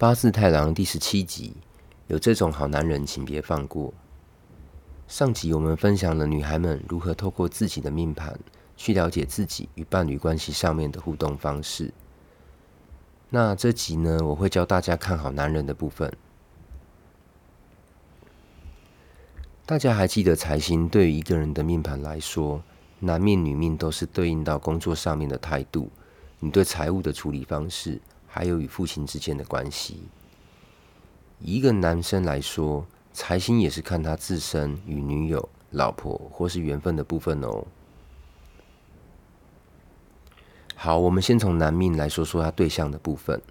八字太郎第十七集，有這種好男人，請別放過。上集我們分享了女孩們如何透過自己的命盤去了解自己與伴侶關係上面的互動方式。那這集呢，我會教大家看好男人的部分。大家還記得財星對於一個人的命盤來說，男命女命都是對應到工作上面的態度，你對財務的處理方式。還有與父親之間的關係。以一個男生來說，財星也是看他自身與女友、老婆或是緣分的部分哦。好，我們先從男命來說說他對象的部分。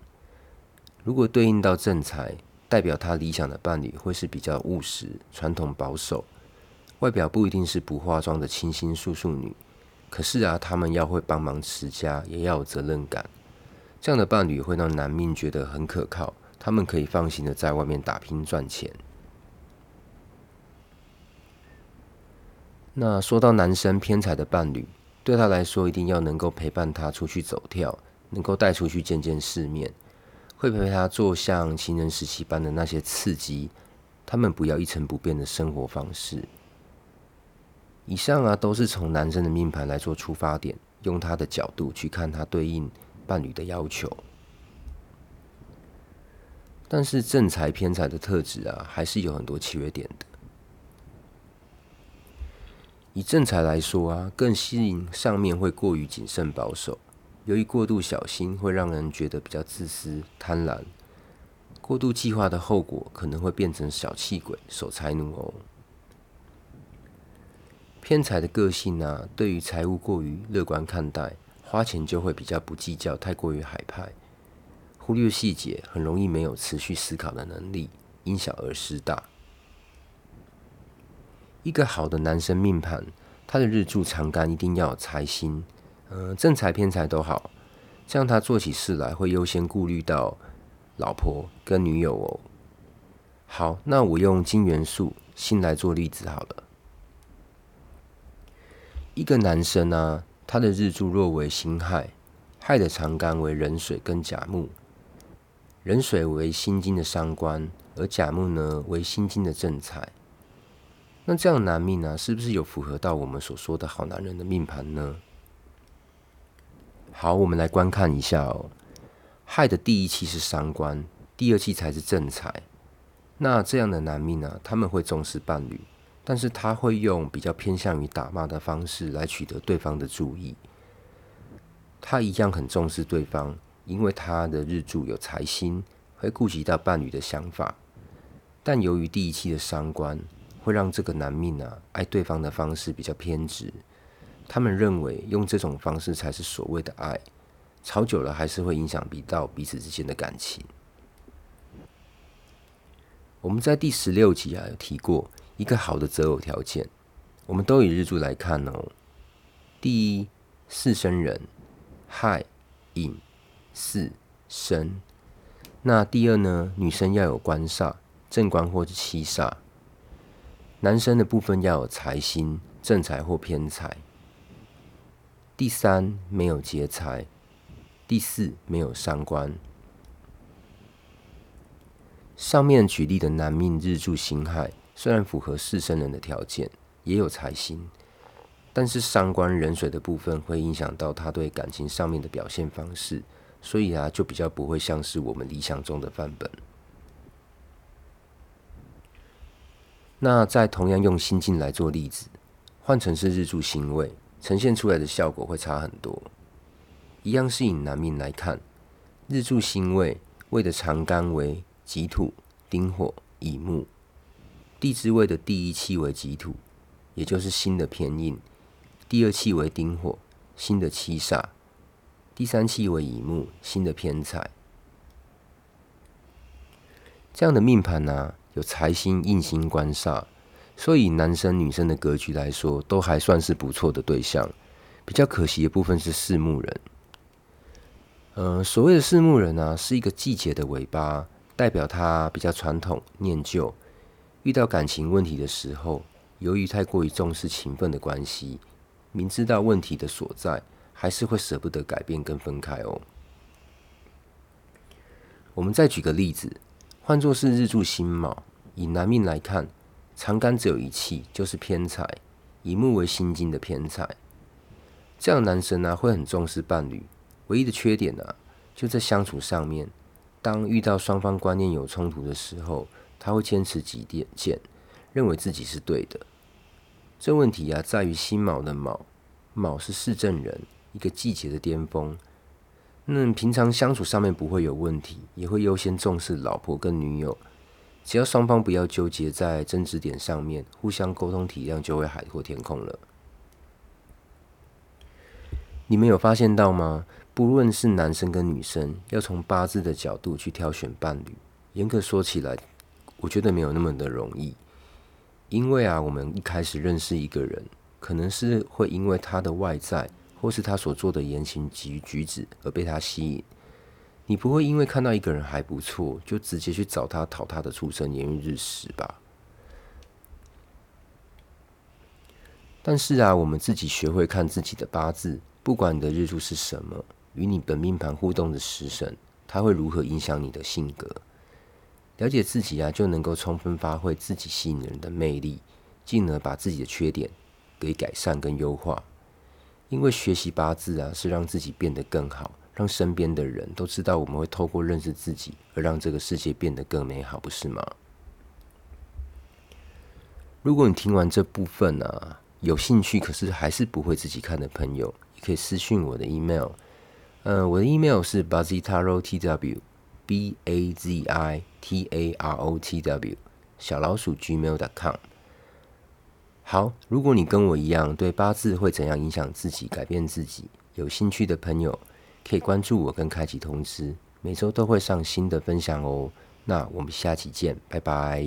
如果對應到正財，代表他理想的伴侶會是比較務實、傳統、保守，外表不一定是不化妝的清新素素女。可是啊，他們要會幫忙持家，也要有責任感。這樣的伴侶會讓男命覺得很可靠，他們可以放心的在外面打拼賺錢。那說到男生偏財的伴侶，對他來說一定要能夠陪伴他出去走跳，能夠帶出去見見世面，會陪他做像情人時期般的那些刺激。他們不要一成不變的生活方式。以上啊，都是從男生的命盤來做出發點，用他的角度去看他對應伴侶的要求，但是正財偏財的特質啊，還是有很多缺點的。以正財來說啊，更吸引上面會過於謹慎保守，由於過度小心，會讓人覺得比較自私貪婪。過度計劃的後果，可能會變成小氣鬼、守財奴哦。偏財的個性啊，對於財務過於樂觀看待。花錢就會比較不計較，太過於海派，忽略細節，很容易沒有持續思考的能力，因小而失大。一個好的男生命盤，他的日柱長干一定要有財星，嗯、呃，正財偏財都好，這樣他做起事來會優先顧慮到老婆跟女友哦。好，那我用金元素辛來做例子好了，一個男生呢、啊。他的日柱若為辛亥，亥的藏干為壬水跟甲木，壬水為辛金的傷官，而甲木呢為辛金的正財。那這樣的男命呢、啊，是不是有符合到我們所說的好男人的命盤呢？好，我們來觀看一下哦、喔。亥的第一期是傷官，第二期才是正財。那這樣的男命啊，他們會重視伴侶。但是他會用比較偏向於打罵的方式來取得對方的注意，他一樣很重視對方，因為他的日柱有財星，會顧及到伴侶的想法。但由於第一期的傷官會讓這個男命啊愛對方的方式比較偏執，他們認為用這種方式才是所謂的愛，吵久了還是會影響比到彼此之間的感情。我們在第十六集啊有提過。一個好的擇偶條件，我們都以日柱來看哦。第一，四生人亥、寅、巳、申。那第二呢？女生要有官煞，正官或者七煞；男生的部分要有財星，正財或偏財。第三，沒有劫財；第四，沒有傷官。上面舉例的男命日柱辛亥。雖然符合四生人的條件，也有財星，但是傷官壬水的部分會影響到他對感情上面的表現方式，所以啊，就比較不會像是我們理想中的範本。那再同樣用辛金來做例子，換成是日柱辛未，呈現出來的效果會差很多。一樣是以男命來看，日柱辛未，未的藏干為己土、丁火、乙木。地支位的第一氣為己土，也就是辛的偏印；第二氣為丁火，辛的七煞；第三氣為乙木，辛的偏財。這樣的命盤呢、啊，有財星、印星、官煞，所以男生、女生的格局來說，都還算是不錯的對象。比較可惜的部分是四木人。呃，所謂的四木人呢、啊，是一個季節的尾巴，代表他比較傳統、念舊。遇到感情問題的時候，由於太過於重視情分的關係，明知道問題的所在，還是會舍不得改變跟分開哦。我們再舉個例子，換作是日柱辛卯，以男命來看，藏干只有一氣，就是偏財，以木為辛金的偏財。這樣的男生呢、啊，會很重視伴侶，唯一的缺點呢、啊，就在相處上面，當遇到雙方觀念有衝突的時候。他會堅持己見，認為自己是對的。這問題啊，在於辛卯的卯，卯是市政人，一個季節的巔峰。那平常相處上面不會有問題，也會優先重視老婆跟女友。只要雙方不要糾結在爭執點上面，互相溝通體諒，就會海闊天空了。你們有發現到嗎？不論是男生跟女生，要從八字的角度去挑選伴侶，嚴格說起來。我覺得沒有那麼的容易，因為啊，我們一開始認識一個人，可能是會因為他的外在，或是他所做的言行及舉止而被他吸引。你不會因為看到一個人還不錯，就直接去找他討他的出生年月日時吧。但是啊，我們自己學會看自己的八字，不管你的日柱是什麼，與你本命盤互動的食神，他會如何影響你的性格？了解自己啊，就能夠充分發揮自己吸引人的魅力，進而把自己的缺點給改善跟優化。因為學習八字啊，是讓自己變得更好，讓身邊的人都知道我們會透過認識自己，而讓這個世界變得更美好，不是嗎？如果你聽完這部分啊，有興趣可是還是不會自己看的朋友，也可以私訊我的 email。呃，我的 email 是 bazitaro.tw。b a z i t a r o t w 小老鼠 gmail.com。好，如果你跟我一樣對八字會怎樣影響自己、改變自己，有興趣的朋友，可以關注我跟開啟通知，每周都會上新的分享哦。那我們下期見，拜拜。